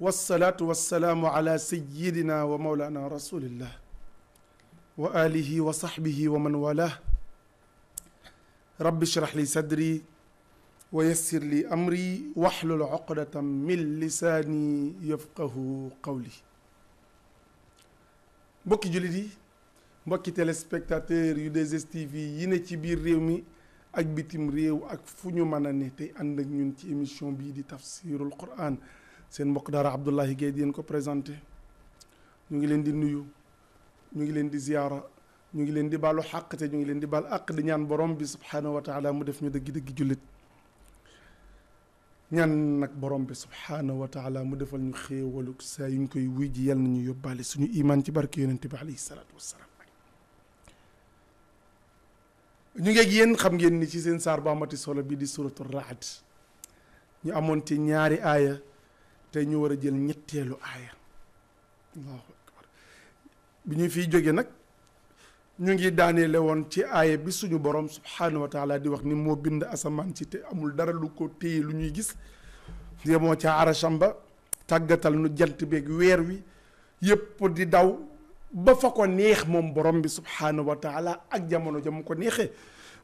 wassalaatu wassalaamu ala sayidina wa maulana rasulillah wa alihi wa saxbihi wa man walah rabbi shrah li sadri wa yassir li amri waxlul uqdatan min lisaani yafqahu qawli mbokki jullit yi mbokki téléspectateur yu 2STV yi ne ci biir réew mi ak bitim réew ak fu ñu mën a ne tey ànd ak ñun ci émission bii di tafsirul quran seen mbokk daara Abdoulahi Gaye di leen ko présenté ñu ngi leen di nuyu ñu ngi leen di ziyaara ñu ngi leen di baalu xàq te ñu ngi leen di baal àq di ñaan borom bi subhaanahu wa taala mu def ñu dëgg-dëgg jullit ñaan nag borom bi subhaanahu wa taala mu defal ñu xéewalu saa yu ñu koy wuy ji yal nañu yóbbaale suñu imaan ci barke yonente bi alayhi salaatu wassalaam ñu ngeeg yéen xam ngeen ni ci seen saar bu amati solo bii di suratu raad ñu amoon ci ñaari aaya tey ñu war a jël ñetteelu aaya bi ñuy fiy jóge nag ñu ngi daaneele woon ci aaya bi suñu borom subhanahu wa di wax ni moo bind asamaan si te amul dara lu ko téye lu ñuy gis yemoo ca arasham ba tàggatal nu jant beeg weer wi yëpp di daw ba fa ko neex moom borom bi subhanahu wa ak jamono ja mu ko neexee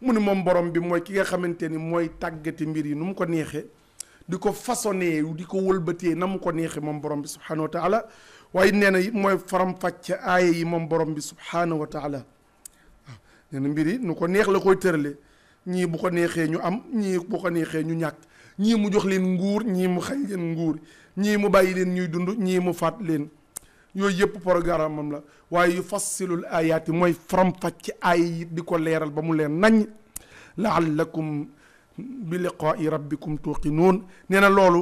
mu ni moom borom bi mooy ki nga xamante ni mooy tàggati mbir yi nu mu ko neexee di ko façonné di ko wëlbatee na mu ko neexee moom borom bi subhaanahu wa taala waaye nee na it mooy faram-fàcce aaya yi moom borom bi subhaanahu wa taala ah, mbir yi nu ko neex la koy tërale ñii bu ko neexee ñu am ñii bu ko neexee ñu ñàkk ñii mu jox leen nguur ñii mu xañ leen nguur ñii mu bàyyi leen ñuy dund ñii mu faat leen yooyu yëpp programme am la waaye yu fassilul ayaati mooy faram-fàcce aaya yi di ko leeral ba mu leen nañ laallakum bi liqaa'i rabbikum tuuqinuun nee na loolu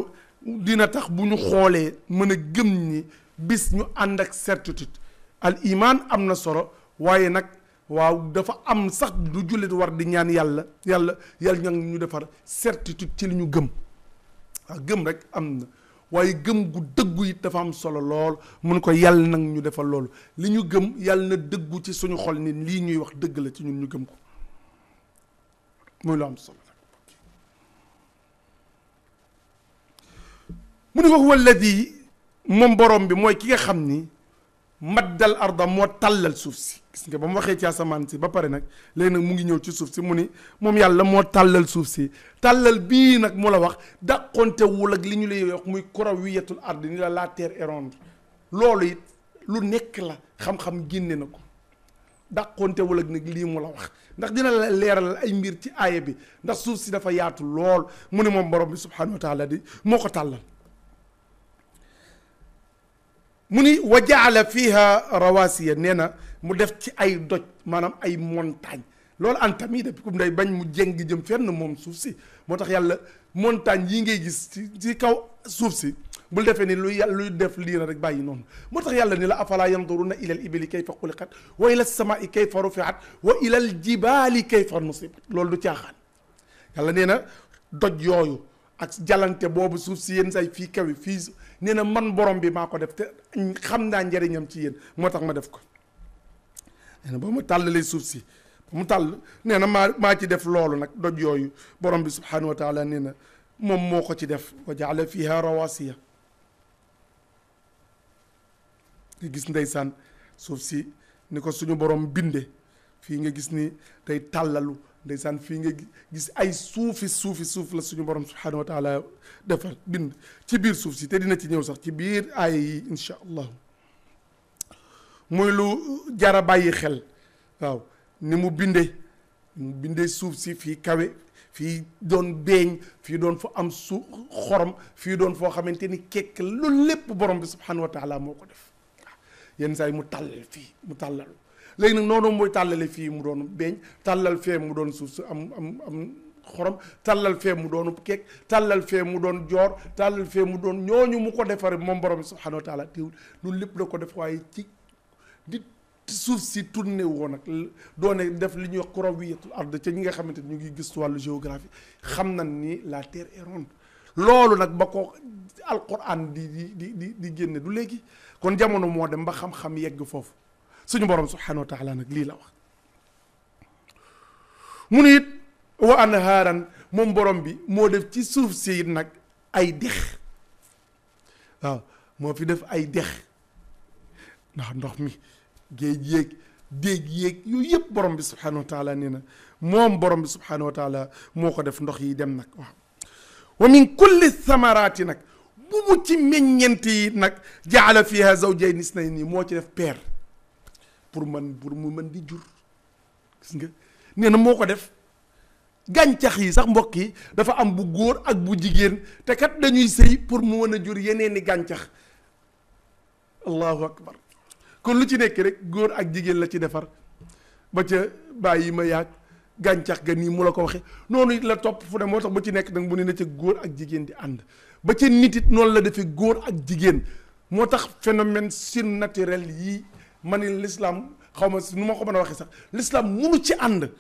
dina tax bu ñu xoolee mën a gëm ni bis ñu ànd ak certitude al am na solo waaye nag waaw dafa am sax du jullit war di ñaan yàlla yàlla yàlla ñu ñu defar certitude ci li ñu gëm waaw gëm rek am na waaye gëm gu dëggu yi dafa am solo lool mën ko yàlla nag ñu defal loolu li ñu gëm yàlla na dëggu ci suñu xol ni lii ñuy wax dëgg la ci ñun ñu gëm ko muy lu am solo mu ne wax walladi moom borom bi mooy ki nga xam ni maddal arda moo tàllal suuf si gis nga ba mu waxee ci asamaan si ba pare nag léegi nag mu ngi ñëw ci suuf si mu ni moom yàlla moo tàllal suuf si tàllal bii nag mu la wax dàqonte wul ak li ñu lay wax muy kurawiyatul ard ni la la terre est loolu it lu nekk la xam-xam génne na ko dàqonte wul ak nag lii mu la wax ndax dina la leeral ay mbir ci aaya bi ndax suuf si dafa yaatu lool mu ne moom borom bi subhanahu di moo ko tàllal mu ni wa jaala fiha rawasiya nee na mu def ci ay doj maanaam ay montagne loolu an tamida bikum day bañ mu jéng jëm fenn moom suuf si moo tax yàlla montagne yi ngay gis ci ci kaw suuf si bul defee ni lu yàlla luy def lii rek bàyyi noonu moo tax yàlla ni la afala na ila al ibili kayfa xuliqat wa ila samaai kayfa rufiat wa ila al jibaali kayfa nusibat loolu du caaxaan yàlla nee na doj yooyu ak jalante boobu suuf si yenn say fii kawi fii nee na man borom bi maa ko def te xam naa njariñam ci yéen moo tax ma def ko nee ba mu tàllalee suuf si mu tàll nee na maa maa ci def loolu nag doj yooyu borom bi subhanahu wa taala na moom moo ko ci def wa jaala fiha rawasiya nga gis ndeysaan suuf si ni ko suñu borom binde fii nga gis ni tey tàllalu ndeysaan fii nga gis ay suufi suufi suuf la suñu borom subhanahu wa defar bind ci biir suuf si te dina ci ñëw sax ci biir aaya yi incha allah muy lu jara bàyyi xel waaw ni mu bindee mu bindee suuf si fii kawe fii doon beeñ fii doon fu am su xorom fii doon foo xamante ni kekk loolu lépp borom bi subhanahu wa moo ko def waaw yenn saa yi mu tàllal fii mu tàllal léegi nag noonu mooy tàllale fii mu doon beeñ tàllal fee mu doon suuf su am am tàllal fee mu doon keek tàllal fee mu doon joor tàllal fee mu doon ñooñu mu ko defare moom borom subhanahu wa taala teewul loolu lépp la ko def waaye ci di suuf si tourné woon nag doone def li ñuy wax kurawiyatul ard ca ñi nga xamante ñu ngi gis wàllu géographie xam nañ ni la terre est loolu nag ba ko alquran di di di di génne du léegi kon jamono moo dem ba xam-xam yegg foofu suñu borom subhanahu wa taala nag lii la wax mu nit it wa anhaaran moom borom bi moo def ci suuf si nag ay dex waaw moo fi def ay dex ndax ndox mi géej yéeg déeg yéeg yooyu yëpp borom bi subhanahu wa nee na moom borom bi subhanahu wa moo ko def ndox yi dem nag waaw wa min kulli samaraati nag bu mu ci meññent yi nag jaala fiha zawjayni nii moo ci def peer pour man pour mu mën di jur gis nga nee na moo ko def gàncax yi sax mbokk yi dafa am bu góor ak bu jigéen te kat dañuy sëy pour mu mën a jur yeneeni gàncax allahu akbar kon lu ci nekk rek góor ak jigéen la ci defar ba ca bàyyi ma yàgg gàncax ga nii mu la ko waxee noonu la topp fu ne moo tax bu ci nekk nag bu ne na ca góor ak jigéen di ànd ba ca nit it noonu la defee góor ak jigéen moo tax phénomène surnaturel yii man ni lislaam xaw ma nu ma ko mën a waxee sax l'islam munu ci ànd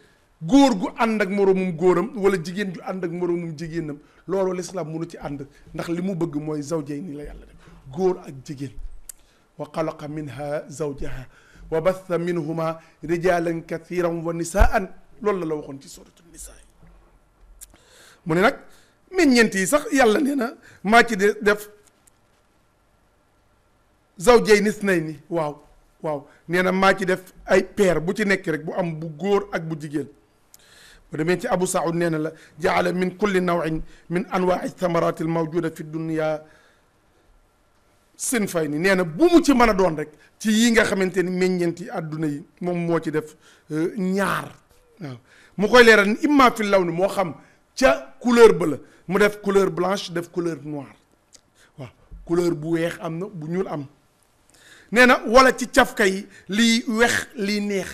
góor gu ànd ak moroomum góoram wala jigéen ju ànd ak moroomum jigéenam loolu l'islam munu ci ànd ndax li mu bëgg mooy zawjay ni la yàlla def góor ak jigéen wa xalaqa minha zawjaha wa batha minhuma rijalan kathiran wa nisaan loolu la la waxoon ci suratu nisaa mu ne nag meññeent yi sax yàlla nee na maa ci def zawjay nisnay ni waaw waaw nee na maa ci def ay peer bu ci nekk rek bu am bu góor ak bu jigéen bu demee ci abu saud nee na la jaala min kulli nawin min anwaai thamarati al mawjuda fi dunia sin fay ni nee na bu ci mën a doon rek ci yi nga xamante ni meññeent yi àdduna yi moom moo ci def euh, ñaar waaw mu koy leeral ni imma fi law ni moo xam ca couleur ba la mu def couleur blanche def couleur noire waaw couleur bu weex am na bu ñuul am nee na wala ci cafka yi liy wex liy neex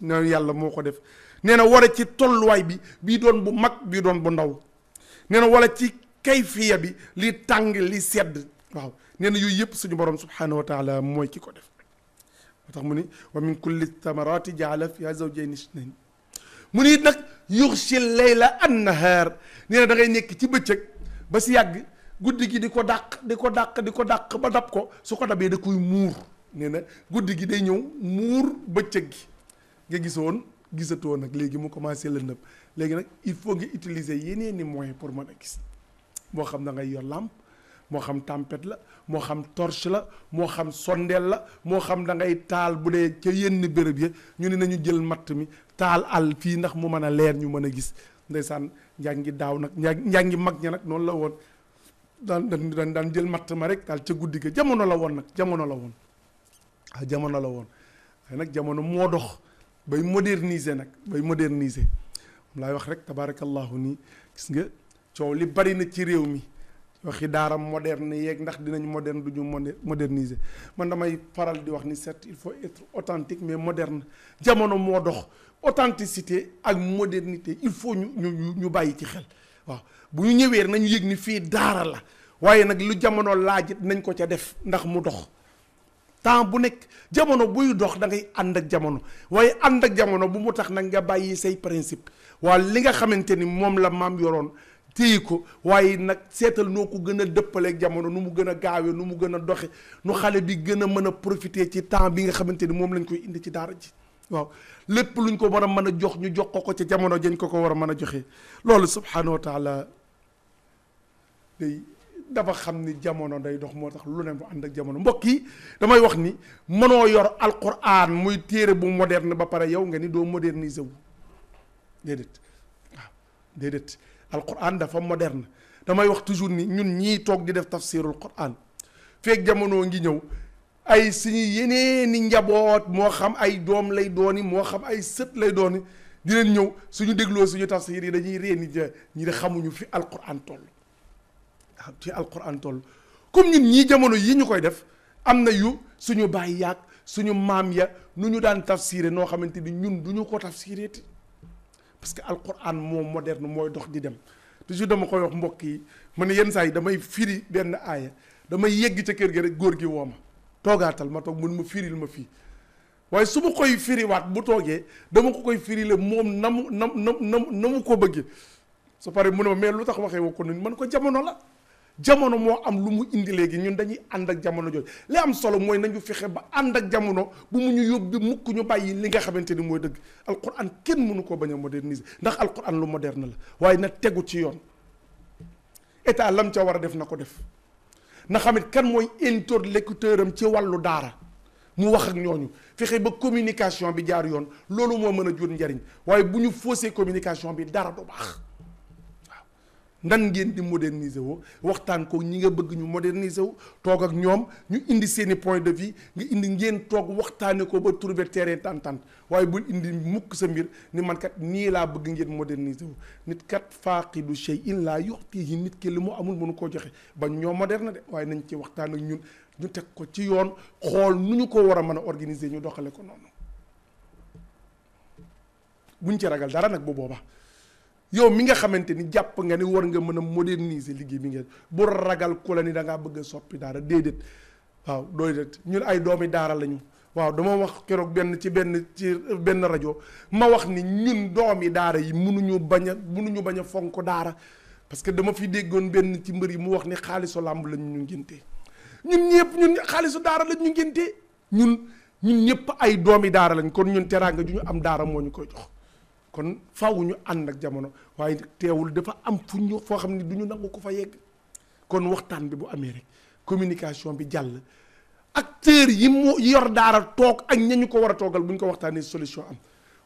noonu yàlla moo ko def nee na wala ci tolluwaay bi bii doon bu mag bii doon bu ndaw nee na wala ci kayfiya bi li tàng li sedd waaw nee na yooyu yëpp suñu borom subhanahu wa taala mooy ki ko def mu ni wa min kulli thamarati jaala fiha ni nag yuxshi layla annahaar nee na da ngay nekk ci bëccëg ba si yàgg guddi gi di ko dàq di ko dàq di ko dàq ba dab ko su ko dabee da koy muur nee na guddi gi day ñëw muur bëccëg gi nga gisoon gisatoo nag léegi mu commencé lëndëm léegi nag il faut nga utiliser yeneen i moyens pour mën a gis moo xam da ngay yor làmp moo xam tempet la moo xam torche la moo xam sondeel la moo xam da ngay taal bu dee ca yenn béréb ya ñu ne nañu jël matt mi taal àll fii ndax mu mën a leer ñu mën a gis ndeysaan njàngi daaw nag njàngi mag ña nag noonu la woon daan daan daan jël matt ma rek daal ca guddi ga jamono la woon nag jamono la woon Ah, jamono la woon waaye nag jamono moo dox bay moderniser nag bay moderniser moom laay wax rek tabaarakallaahu nii gis nga coow li bari na ci réew mi waxi daara moderne yeeg ndax dinañ moderne du ñu moderniser man damay paral di wax ni certes il faut être authentique mais moderne jamono moo dox authenticité ak modernité il faut ñu ñu ñu ñu bàyyi ci xel waaw bu ñu ñëwee nañu yëg ni fii daara la waaye nag lu jamono laaj nañ ko ca def ndax mu dox temps bu nekk jamono buy dox da ngay ànd ak jamono waaye ànd ak jamono bu mu tax nag nga bàyyi say principe waa li nga xamante ni moom la maam yoroon téye ko waaye nag seetal noo ko gën a dëppaleeg jamono nu mu gën a gaawee nu mu gën a doxe nu xale bi gën a mën a profiter ci temps bi nga xamante ni moom lañ koy indi ci daara ji waaw lépp lu luñ ko war a mën a jox ñu jox ko ko ca jamono jañ ko ko war a mën a joxe loolu subhanahu wa taala dafa xam ni jamono day dox moo tax lu ne mu ànd ak jamono mbokk yi damay wax ni mënoo yor alquran muy téere bu moderne ba pare yow nga ni doo moderniser wu déedéet waaw déedéet alquran dafa moderne damay wax toujours ni ñun ñii toog di def tafsirul quran feeg jamono ngi ñëw ay suñu yeneeni njaboot moo xam ay doom lay dooni moo xam ay sët lay dooni di leen ñëw suñu dégloo suñu tafsir yi dañuy réer ni ñi de xamuñu fi alquran toll. ci alquran toll comme ñun ñii jamono yi ñu koy def am na yu suñu baay yaag suñu maam ya nu ñu daan tafsiré noo xamante ni ñun du ñu ko tafsiréeti parce que alquran moom moderne mooy dox di dem toujours dama koy wax mbokk yi ma ne yenn saa yi damay firi benn aaya damay yegg ca kër gi rek góor gi woo toogaatal ma toog mun ma firil ma fii waaye su ma koy firiwaat bu toogee dama ko koy firile moom na mu na mu na mu ko bëggee su paree mu ne ma mais lu tax waxee woo ko nañ man ko jamono la jamono moo am lu mu indi léegi ñun dañuy ànd ak jamono jooju li am solo mooy nañu fexe ba ànd ak jamono bu mu ñu yóbbu mukk ñu bàyyi li nga xamante ni mooy dëgg alquran kenn mënu ko bañ a moderniser ndax alquran lu moderne la waaye na tegu ci yoon état lam ca war a def na ko def na xamit kan mooy interlocuteur am ci wàllu daara mu wax ak ñooñu fexe ba communication bi jaar yoon loolu moo mën a jur njariñ waaye bu ñu faussé communication bi dara du nan ngeen di moderniser woo waxtaan ko ñi nga bëgg ñu moderniser wu toog ak ñoom ñu indi seeni point de vue nga indi ngeen toog waxtaane ko ba trouver terrain d'entente waaye bul indi mukk sa mbir ni man nii laa bëgg ngeen moderniser wu nit kat faaqidu shay'in laa yu'tihi nit ki li mu amul mënu koo joxe ba ñoo moderne de waaye nañ ci waxtaan ak ñun ñu teg ko ci yoon xool nu ñu ko war a mën a organiser ñu doxale ko noonu buñ ci ragal dara nag bu boobaa yow mi nga xamante ni jàpp nga ni war nga mën a moderniser liggéey bi ngeen bu ragal ku ni da bëgg a soppi daara déedéet waaw dooy det ñun ay doomi daara lañu waaw dama wax keroog benn ci benn ci benn rajo ma wax ni ñun doomi daara yi mënuñu bañ a mënuñu bañ a fonk daara parce que dama fi déggoon benn ci mbër yi mu wax ni xaalisu làmb lañ ñu ngénte ñun ñëpp xaalisu daara lañ ñu ngénte ñun ñun ñëpp ay doomi daara lañ kon ñun teraanga ju ñu am daara moo ñu koy jox kon faaw ñu ànd ak jamono waaye teewul dafa am fu ñu foo xam ne du ñu nangu ko fa yegg kon waxtaan bi bu amee rek communication bi jàll acteurs yi mu yor daara toog ak ña ñu ko war a toogal bu ko waxtaanee solution am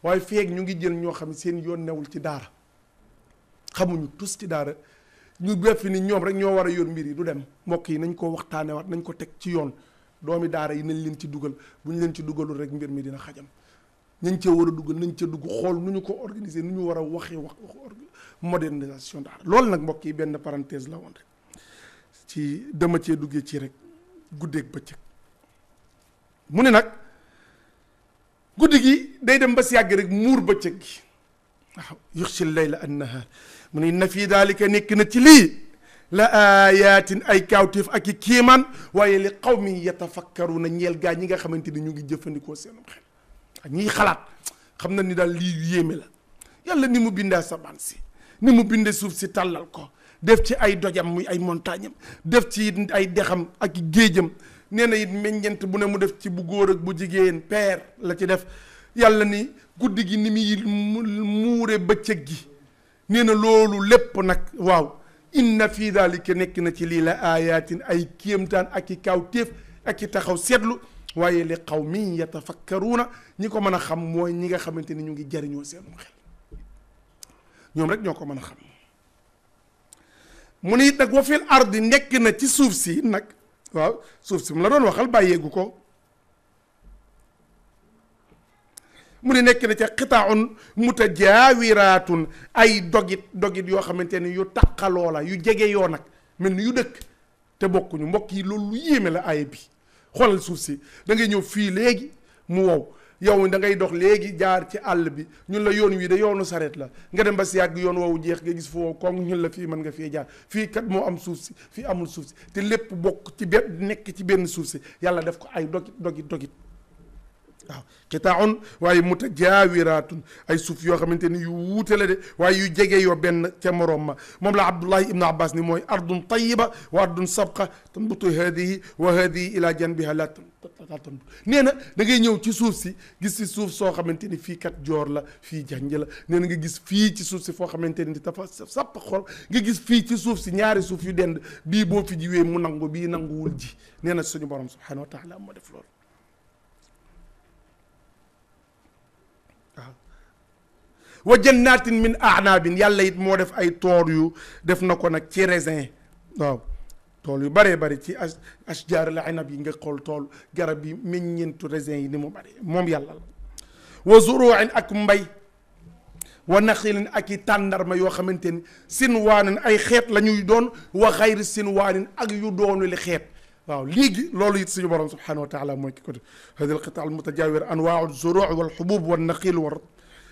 waaye feeg ñu ngi jël ñoo xam ne seen yoon newul ci daara xamuñu tus ci daara ñu bépp ni ñoom rek ñoo war a yor mbir yi du dem mbokk yi nañ ko waxtaanee waat nañ ko teg ci yoon doomi daara yi nañ leen ci dugal bu ñu leen ci dugalul rek mbir mi dina xajam. nañ cee war a dugg nañ ca dugg xool nu ñu ko organiser nu ñu war a waxee wax waxu modernisation daara loolu nag mbokk benn parenthèse la woon rek ci cee duggee ci rek guddeeg bëccëg mu ne nag guddi gi day dem ba si yàgg rek muur bëccëg gi waaw yuxsi layla an mu ne na fii daalika nekk na ci lii la aayaatin ay kaawteef ak i kiimaan waaye li xaw mi yatafakkaru na ñeel gaa ñi nga xamante ni ñu ngi jëfandikoo seenum xel ak ñiy xalaat xam na ni daal lii yéeme la yàlla ni mu bindee asamaan si ni mu bindee suuf si tàllal ko def ci ay dojam muy ay montagne def ci ay dexam ak géejam nee na it meññent bu ne mu def ci bu góor ak bu jigéen peer la ci def yàlla ni guddi gi ni muy muure bëccëg gi nee na loolu lépp nag waaw inna fii daalika nekk na ci lii la aayaatin ay kéemtaan ak i kaawteef ak i taxaw seetlu waaye li xaw mi na ñi ko mën a xam mooy ñi nga xamante ni ñu ngi jariñoo seenum xel ñoom rek ñoo ko mën a xam mu ne it nag wa fil ardi nekk na ci suuf si nag waaw suuf si la doon waxal bàyyeegu ko mu ne nekk na ca xitaaun mutajaawiraatun ay dogit dogit yoo xamante ni yu taqaloo la yu jege yoo nag mel ni yu dëkk te bokkuñu mbokk yi loolu lu yéeme la aaya bi xoolal suuf si dangay ñëw fii léegi mu wow yow da ngay dox léegi jaar ci àll bi ñun la yoon wii de yoonu sareet la nga dem ba si yàgg yoon woowu jeex nga gis fu wow koŋ ñun la fii mën nga fii jaar fii kat moo am suuf si fii amul suuf si te lépp bokk ci benn nekk ci benn suuf si yàlla def ko ay dogit dogit dogit waaw qitaaun waaye mutajaawiraatun ay suuf yoo xamante ni yu wuute la de waaye yu jege yoo benn ca moroom ma moom la Abdullahi Ibn Abbas ni mooy ardun tayiba wa ardun sabqa tanbutu haadihi wa haadihi ila janbiha la tanbut nee na da ngay ñëw ci suuf si gis si suuf soo xamante ni fii kat joor la fii janj la nee na nga gis fii ci suuf si foo xamante ni dafa sapp xol nga gis fii ci suuf si ñaari suuf yu dend bii boo fi wee mu nangu bii nanguwul ji nee na suñu borom subhanahu wa taala moo def loolu wa jannatin min aanabin yàlla it moo def ay tool yu def na ko nag ci raisin waaw tool yu bëree bëri ci as asjaar la inab yi nga xool tool garab yi meññeentu raisin yi ni mu bëri moom yàlla la wa zuruin ak mbay wa naxilin ak i tàndarma yoo xamante ni sinwaanin ay xeet la ñuy doon wa xayri sinwaanin ak yu doonuli xeet waaw léegi loolu it suñu borom subhanahu wa taala mooy ki ko def hadi alqitaa almutajawir anwaau zuruu walxubub wannaxil war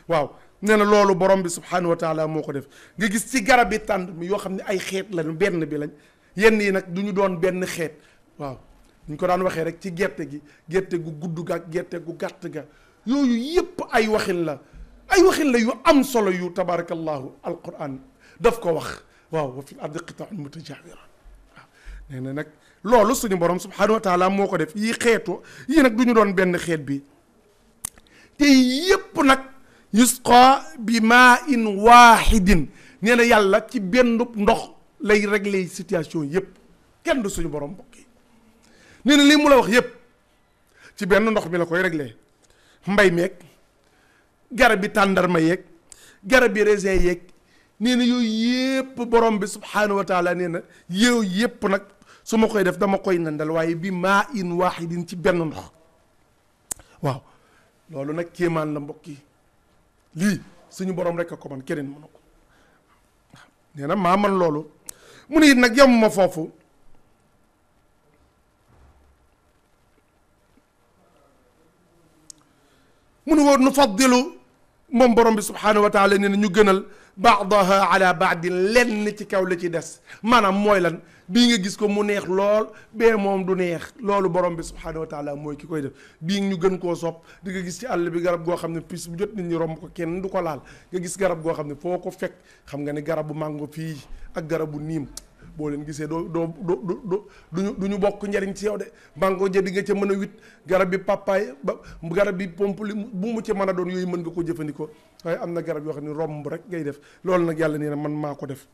waaw nee na loolu borom bi subhanahu wa taala moo ko def nga gis ci garab yi tànd yoo xam ne ay xeet lañu benn bi lañ yenn yi nag du doon benn xeet waaw ko daan waxee rek ci gerte gi gerte gu gudd ak gerte gu gàtt ga yooyu yépp ay waxin la ay waxin la yu am solo yu tabarakallahu alquran daf ko wax waaw wa fil ardi qita'un mutajawiran nag loolu suñu borom subhanahu wa moo ko def yii xeetu yii nag du ñu doon benn xeet bi te yépp nag yusqa bi maa in waahidin nee na yàlla ci benn ndox lay régler situation yépp kenn du suñu borom mbokk yi nee lii mu la wax yépp ci benn ndox mi la koy régler mbay meek garab bi tàndarma yeeg garab bi raisin yeeg nee na yooyu yépp borom bi subhaanahu wa taala nee na yow yépp nag su ma koy def dama koy nandal waaye bi maa in waahidin ci benn ndox waaw loolu nag kéemaan la mbokk yi lii suñu borom rek a ko man keneen mënu ko nee na maa man loolu mu ne it nag yemuma foofu mu nu woon nu faddilu moom borom bi subhaanahu wa taala nee na ñu gënal baadaha ala baadin lenn ci kaw la ci des maanaam mooy lan bii nga gis ko mu neex lool bee moom du neex loolu borom bi subhaanahu wa mooy ki koy def bii ñu gën koo sopp di nga gis ci àll bi garab goo xam ne pis bu jot nit ñi romb ko kenn du ko laal nga gis garab goo xam ne foo ko fekk xam nga ne garabu màngo fii ak garabu niim boo leen gisee doo doo doo doo duñu du ñu bokk njariñ ci yow de màngo ja di nga ca mën a wit garab bi papaay ba garab bi pomp li bu mu ci mën a doon yooyu mën nga jëfandikoo waaye am na garab yoo xam ne romb rek ngay def loolu nag yàlla nee na man maa ko def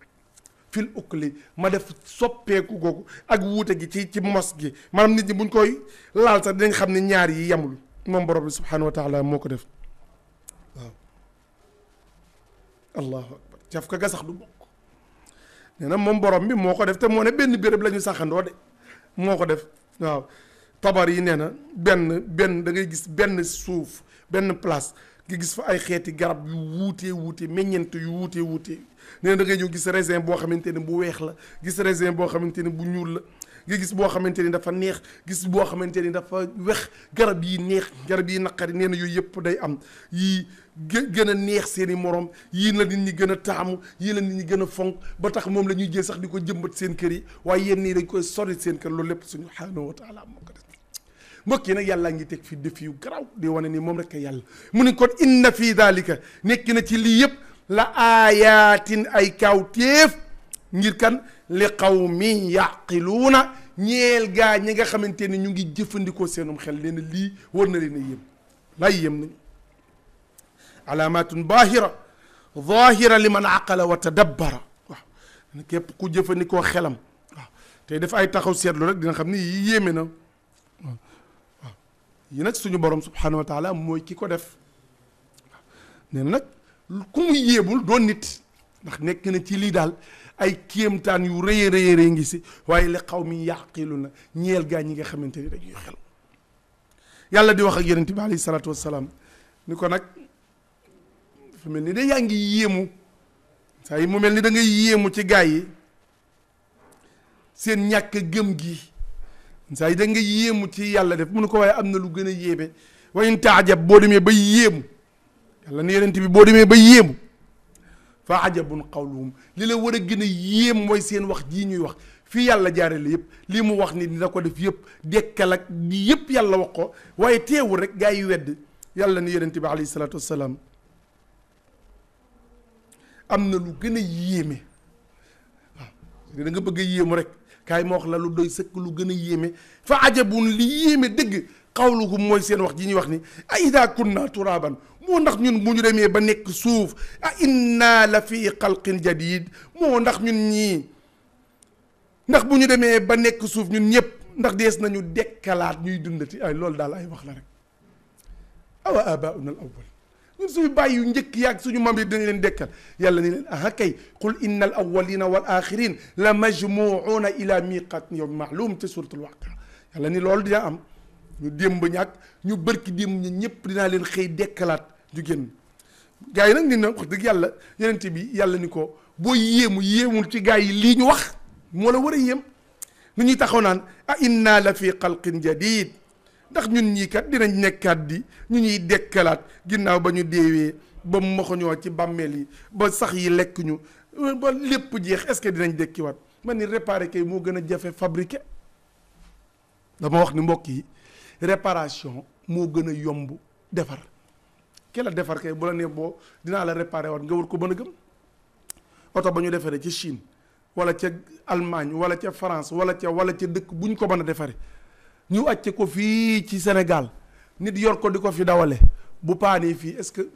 fil li ma def soppeeku googu ak wuute gi ci ci mos gi maanaam nit ñi buñ koy laal sax dinañ xam ne ñaar yi yamul moom borom bi subhanahu wa taala moo ko def waaw allahu akbar caf ka ga du bokk nee na moom borom bi moo ko def te moo ne benn béréb la sàkkandoo de moo ko def waaw tabar yi nee na benn benn dangay gis benn suuf benn place ngi gis fa ay xeeti garab yu wuutee wuute meññent yu wuutee wuutee nee da ngay ñëw gis raisin boo xamante ne bu weex la gis raisin boo xamante ne bu ñuul la nga gis boo xamante ni dafa neex gis boo xamante ni dafa weex garab yi neex garab yi naqari nee na yooyu yëpp day am yii gën a neex seeni morom yii la nit ñi gën a taamu yii la nit ñi gën a fonk ba tax moom la ñuy jël sax di ko jëmbat seen kër yi waaye yéen nii dañ koy sori seen kër loolu lépp suñu subhaanahu wa taala moo ko def mbokk yi nag yàllaa ngi teg fi défi garaw garaaw di wane ni moom rek a yàlla mu ne kon inna fii daalika nekk na ci lii yëpp la aayaatin ay kawtéef ngir kan li qawmin yaqiluuna ñeel gaa ñi nga xamante ne ñu ngi jëfandikoo seenum xel nee lii war na leen a yëm lay yëm nañu alaamatun baahira zahira li man aqala wa tadabbara ku jëfandikoo xelam waaw tey def ay taxaw seetlu rek dina xam ne yii yéeme na yi nag suñu borom subhanahu wa taala mooy ki ko def nee nag ku mu yéebul doon nit ndax nekk na ci lii daal ay kéemtaan yu rëy rëy rëy ngi si waaye li xaw mi yàqilu nag ñeel gaa ñi nga xamante ni dañuy xel yàlla di wax ak yonent bi alayhi ko nag fu mel ni de ngi yéemu saa yi mu mel ni dangay ngay yéemu ci gaa yi seen ñàkk gëm gi saa yi da nga yéemu ci yàlla def mu ne ko waaye am na lu gën a yéeme wa in boo demee ba yéemu yàlla na yonent bi boo demee ba yéemu fa ajabun qawluhum li la war a gën a yéem mooy seen wax jii ñuy wax fii yàlla jaarale yëpp lii mu wax ni dina ko def yépp dekkal ak di yëpp yàlla wax ko waaye teewu rek gaa yi wedd yàlla na yonent bi alayhi salaatu wassalaam am na lu gën a yéeme waaw da bëgg a yéemu rek kaay ma wax la lu doy sëkk lu gën a yéeme fa ajabun li yéeme dëgg qawluhum mooy seen wax ji ñuy wax ni ay ida kunna turaban moo ndax ñun bu ñu demee ba nekk suuf a inna la fi xalqin jadid moo ndax ñun ñii ndax bu ñu demee ba nekk suuf ñun ñëpp ndax dees nañu dekkalaat ñuy dundati ay lool daal ay wax la rek awa abauna al ñun suñu bàyyi yu njëkk yaag suñu ma yi dañ leen dekkal yàlla ni leen aha kay qul inna al awalina wal axirin la majmuuna ila miqat yowm maalum ci suratul waqa yàlla ni loolu dina am ñu démb ñàkk ñu bërki démb ñi ñëpp dinaa leen xëy dekkalaat ju génn yi nag nit nag wax dëgg yàlla yenente bi yàlla ni ko boo yéemu yéemul ci gars yi lii ñu wax moo la war a yéem nu ñuy taxaw naan a ah, inna la fi xalqin jadid ndax ñun ñii kat dinañ nekkaat di ñu ñuy dekkalaat ginnaaw ba ñu deewee ba moxoñoo ci bàmmeel yi ba sax yi lekk ñu ba lépp jeex est-ce que dinañ dekkiwaat man ni réparer kay moo gën a jafe fabriquer dama wax ni mbokk yi réparation moo gën a yomb defar ki la defar kay bu la nee boo dinaa la réparé waat nga wut ko mën a gëm oto ba ñu defaree ca Chine wala ca Allemagne wala ca France wala ca wala ca dëkk bu ñu ko mën a defaree ñu àcce ko fii ci Sénégal nit yor ko di ko fi dawale bu paanee fii est-ce que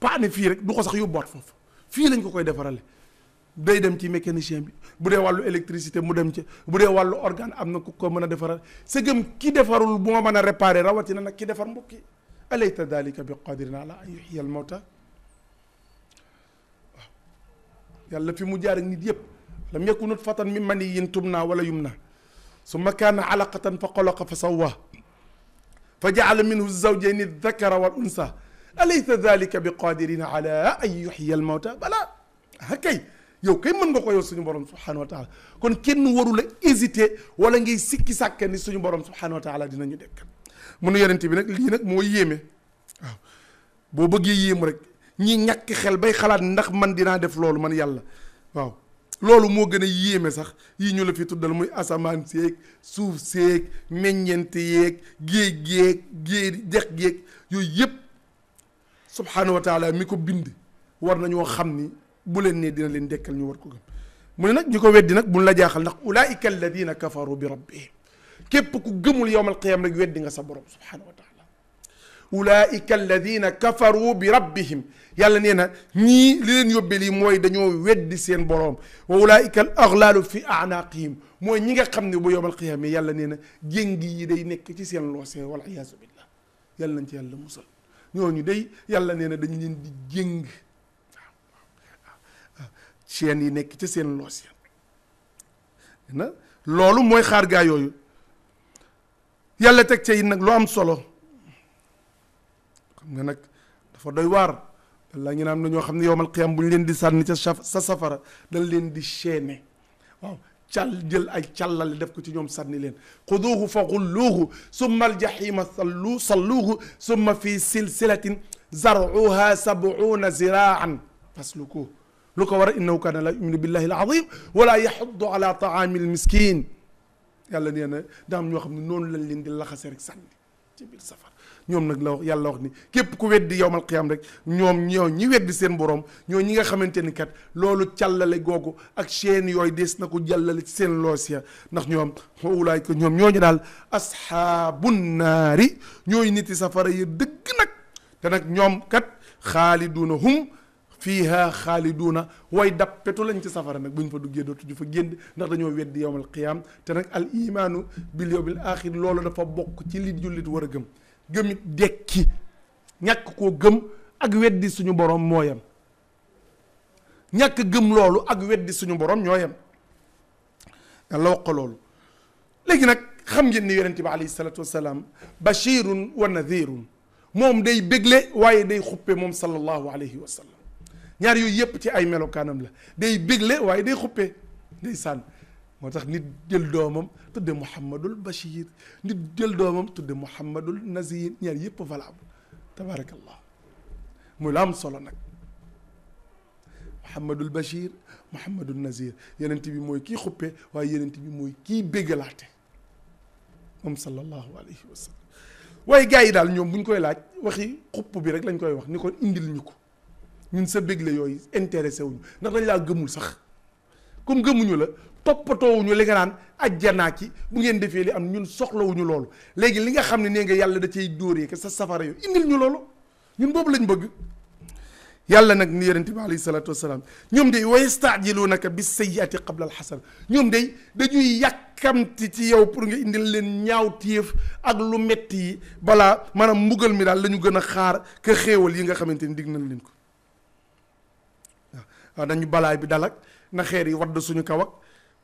paane fii rek du ko sax yóbbuwaat foofu fii lañ ko koy defarale day dem ci mécanicien bi bu dee wàllu électricité mu dem ci bu dee wàllu organe am na ku ko mën a defaral sa gëm ki defarul bu ma mën a réparer rawatina nag ki defar mbokk alayta dalika bi qadirin ala an yuxiyal mawta waaw yàlla fi mu jaar ak nit yëpp lam yakun nutfatan min maniyyin yumna wala yumna summa kaana alaqatan fa xalaqa fa sawwa fa jaala minhu zawjayni dakara wal unsa alayta dalika bi qadirin ala an yuxiyal mawta balaa hakay yow kay mën nga ko yow suñu borom subhanahu wa taala kon kenn warula hésité wala ngay sikki sàkka ni suñu borom subhanahu wa taala dinañu dekkat mu ne yonent bi nag lii nag moo yéeme waaw boo bëggee yéem rek ñi ñàkk xel bay xalaat ndax man dinaa def loolu man yàlla waaw loolu moo gën a yéeme sax yii ñu la fi tuddal muy asamaan seeg suuf seeg meññeent yeeg géej géeg géej dex yooyu yëpp subhaanahu wa taala mi ko bind war nañoo xam ni bu leen nee dina leen dekkal ñu war ko gëm mu ne nag ñi ko weddi nag buñ la jaaxal ndax ulaika alladina kafaru bi rabbihim képp ku gëmul yowmal qiyaama rek weddi nga sa borom subhaanahu wa taala ulaika alladina kafaru bi rabbihim yàlla nee na ñii li leen yóbbee lii mooy dañoo weddi seen boroom wa ulaika al aghlaalu fi a'naaqihim mooy ñi nga xam ne bu yowmal qiyaama yàlla nee na jéngi yi day nekk ci seen loosee wal iyaazu billah yàlla nañ ci yàlla musal ñooñu day yàlla nee na dañu leen di jéng waaw yi nekk ci seen loosee na loolu mooy xaar gaa yooyu yàlla teg ca yi nag lu am solo xam nga nag dafa doy waar walla ñu naan ñoo xam ne yowmal qiyaam bu ñu leen di sànni ca sa safara dañ leen di chaîner waaw cal jël ay càllale def ko ci ñoom sànni leen xuduuhu fa xulluuhu summa aljahima sallu salluuhu summa fi silsilatin zaruha sabuuna ziraan faslukuuh lu ko war a innahu kaana laa yuminu billahi alazim wala yaxuddu ala taami almiskin yàlla nee na daam ñoo xam ne noonu lañ leen di laxase rek sànni ci biir safar ñoom nag la wax yàlla wax ni képp ku weddi yowmal qiyaam rek ñoom ñoo ñi weddi seen boroom ñoo ñi nga xamante ni kat loolu càllale googu ak chaîne yooyu des na ko jàllale ci seen loos ya ndax ñoom ulaay ko ñoom ñoo ñooñu daal asxaabu naari ñooy niti safara yi dëgg nag te nag ñoom kat xaaliduuna hum fiiha xaaliduuna way dappetu lañ ci safara nag buñ fa duggee dootuñu fa génn ndax dañoo weddi yowmal qiyaam te nag al imaanu bil yawmil axir loolu dafa bokk ci li jullit war a gëm gëmit dekki ñàkk koo gëm ak weddi suñu borom moo ñàkk gëm loolu ak weddi suñu borom ñoo yem yàlla wax loolu léegi nag xam ngeen ni yonente bi alayhi salatu wasalaam bashirun wa nadirun moom day bégle waaye day xuppe moom sallallahu alayhi wa ñaar yooyu yëpp ci ay melokaanam la day bégle waaye day xuppee day sànn moo tax nit jël doomam tudde Mouhamadul Bachir nit jël doomam tudde Mouhamadul Nazir ñaar yëpp valable tabarakallah muy la am solo nag Mouhamadul Bachir Mouhamadul Nazir yenent bi mooy kii xuppee waaye yenent bi mooy kii béggalaate moom sallallahu alayhi wa sallam waaye gars yi daal ñoom bu ñu koy laaj waxi xupp bi rek lañ koy wax ni ko indil ñu ko ñun sa bégle yooyu intéressé wuñu ndax dañ laa gëmul sax comme gëmuñu la toppatoowuñu li nga naan ajjanaa ci bu ngeen defee li am ñun soxlawuñu loolu léegi li nga xam ne nee nga yàlla da cay dóoree que sa safara yooyu indil ñu loolu ñun boobu lañ bëgg yàlla nag ni yonente bi alayhi salaatu wasalaam ñoom day wayestaajiluunaka bi sayyiati qabla alxasana ñoom day dañuy yàkkamti ci yow pour nga indil leen ñaaw téef ak lu metti yi balaa maanaam mbugal mi daal la ñu gën a xaar que yi nga xamante ni dig nañ leen ko nañu balaay bi dalak na xeer yi wadd suñu kaw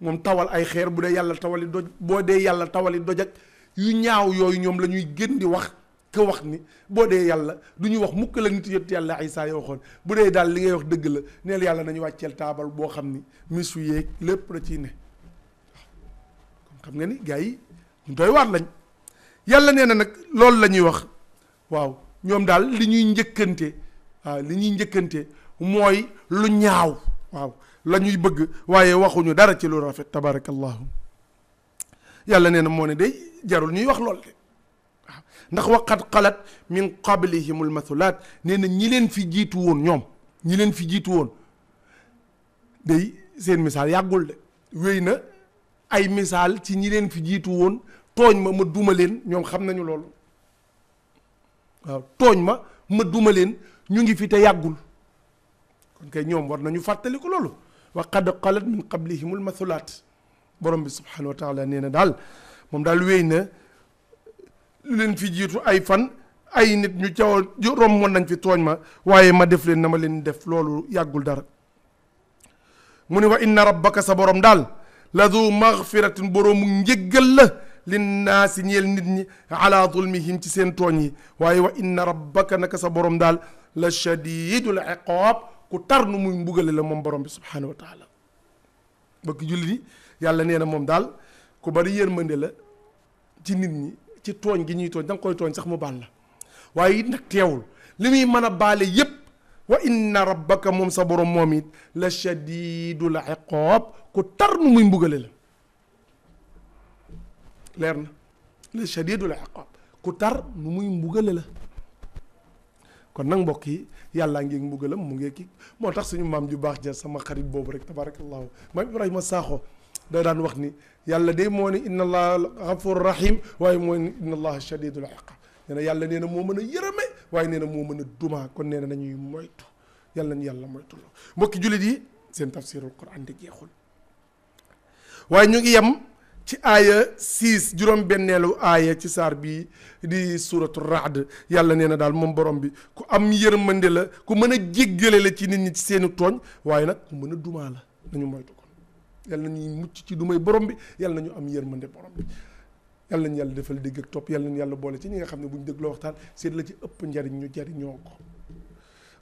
moom tawal ay xeer bu dee yàlla tawali doj boo dee yàlla tawali doj ak yu ñaaw yooyu ñoom la ñuy gën di wax ka wax ni boo dee yàlla du ñu wax mukk la nit yott yàlla Isaa yoo bu dee daal li ngay wax dëgg la neel yàlla nañu wàcceel taabal boo xam ni mis yu yeeg lépp la ciy ne waaw xam nga ni gars yi ñu doy waar lañ yàlla nee na nag loolu la ñuy wax waaw ñoom daal li ñuy njëkkante waaw li ñuy njëkkante mooy lu ñaaw waaw la ñuy bëgg waaye waxuñu dara ci lu rafet tabarakallahu yàlla nee na moo ne day jarul ñuy wax lool de waaw ndax waqad xalat min qablihim almathulat nee na ñi leen fi jiitu woon ñoom ñi leen fi jiitu woon day seen misaal yàggul de wéy na ay misaal ci ñi leen fi jiitu woon tooñ ma ma duma leen ñoom xam nañu loolu waaw tooñ ma ma duma leen ñu ngi fi te yàggul kon kay ñoom war nañu fàttali ko loolu wa qad qalat min qablihimul mathulaat borom bi subhanahu wa taala nee na daal moom daal wéy na leen fi jiitu ay fan ay nit ñu caw rommoon nañ fi tooñ ma waaye ma def leen na ma leen def loolu yàggul dara mu ne wa inna rabbaka sa borom daal la du magfiratin boroomu njëggal la linnaasi ñeel nit ñi ala zulmihim ci seen tooñ yi waaye wa inna rabbaka naka sa borom daal la shadidul iqaab ku tar nu muy mbugale la moom borom bi subhaanahu wa taala bëgg jullit yàlla nee na moom daal ku bari yërmande la ci nit ñi ci tooñ gi ñuy tooñ da koy tooñ sax mu baal la waaye it nag teewul li muy mën a baale yépp wa inna rabbaka moom sa borom moom it la shadidul iqaab ku tar nu la leer na la shadidul iqaab ku tar nu muy mbugale la kon nag mbokk yi yàllaa ngi mbugalam mu ngi ki moo tax suñu maam ju baax ja sama xarit boobu rek tabarakallahu maam Ibrahima Sakho da daan wax ni yàlla de moo ne inna allah gafur rahim waaye moo ne inna allah shadidul iqab nee na yàlla nee na moo mën a yërëme waaye nee na moo mën a dumaa kon nee na nañuy moytu yàlla ñu yàlla moytu la mbokki jullit yi seen tafsirul quran di jeexul waaye ñu ngi yem ci aaya 6 juróom-benneelu aaya ci saar bi di suratu raad yàlla nee na daal moom borom bi ku am yërmande la ku mën a jéggale la ci nit ñi ci seeni tooñ waaye nag ku mën a dumaa la nañu moytu kon yàlla nañuy mucc ci dumay borom bi yàlla nañu am yërmande borom bi yàlla nañu yàlla defal dégg ak topp yàlla nañu yàlla boole ci ñi nga xam ne bu ñu dégloo waxtaan seet la ci ëpp njariñ ñu jariñoo ko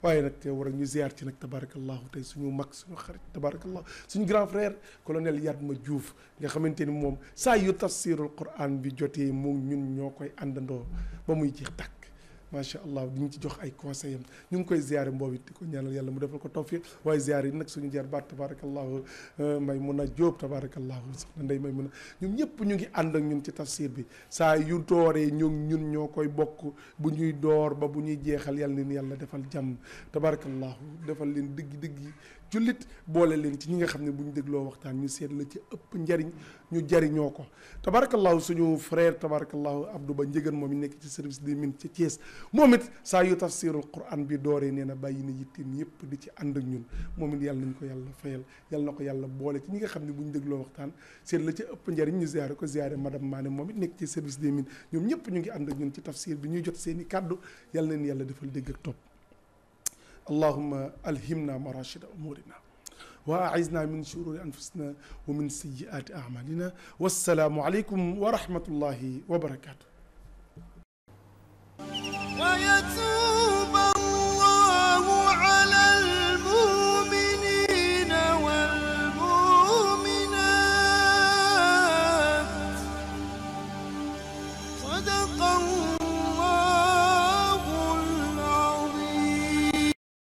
waaye nag te war a ñu ziar ci nag tabarakallahu tey ñu mag su suñu xarit tabarakallahu suñu grand frère colonel ma juuf nga xamante ni moom saa yu tafsirul quran bi jotee mu ñun ñoo koy àndandoo ba muy jeex tàkk macha allah di ñu ci jox ay conseil am ñu ngi koy ziare mboobu it di ko ñaanal yàlla mu defal ko tawfiq waaye ziare yi nag suñu jaar baat tabarakallahu euh, may mun a jóob tabarakallahu soxna ndey may mun a ñun ñëpp ñu ngi ànd ak ñun ci tafsir bi saa yu dooree ñu ñun ñoo koy bokk bu ñuy door ba bu ñuy jeexal yàlla leen yàlla defal jàmm tabarakallahu defal leen digg digg yi jullit boole leen ci ñi nga xam ne bu ñu dégloo waxtaan ñu seet la ci ëpp njariñ ñu jariñoo ko tabarakallahu suñu frère tabarakallahu Abdou Ba Njëgan moom it nekk ci service des mines ci Thiès moom it saa yu tafsirul quran bi dooree nee na bàyyi na yitteem yëpp di ci ànd ñun moom it ko yàlla fayal yàlla na ko yàlla boole ci ñi nga xam ne bu ñu dégloo waxtaan seet ëpp njariñ ñu ziare ko ziare moom nekk ci service des ñoom ñëpp ñu ngi ànd ak ñun ci tafsir bi ñuy jot seeni i kàddu yàlla nañ yàlla defal dégg ak topp allahuma alhimna marachida umurina wa aisna min shururi anfusina wa min sayiati amalina wassalaamu aleykum wa rahmatullahi wa barakatuh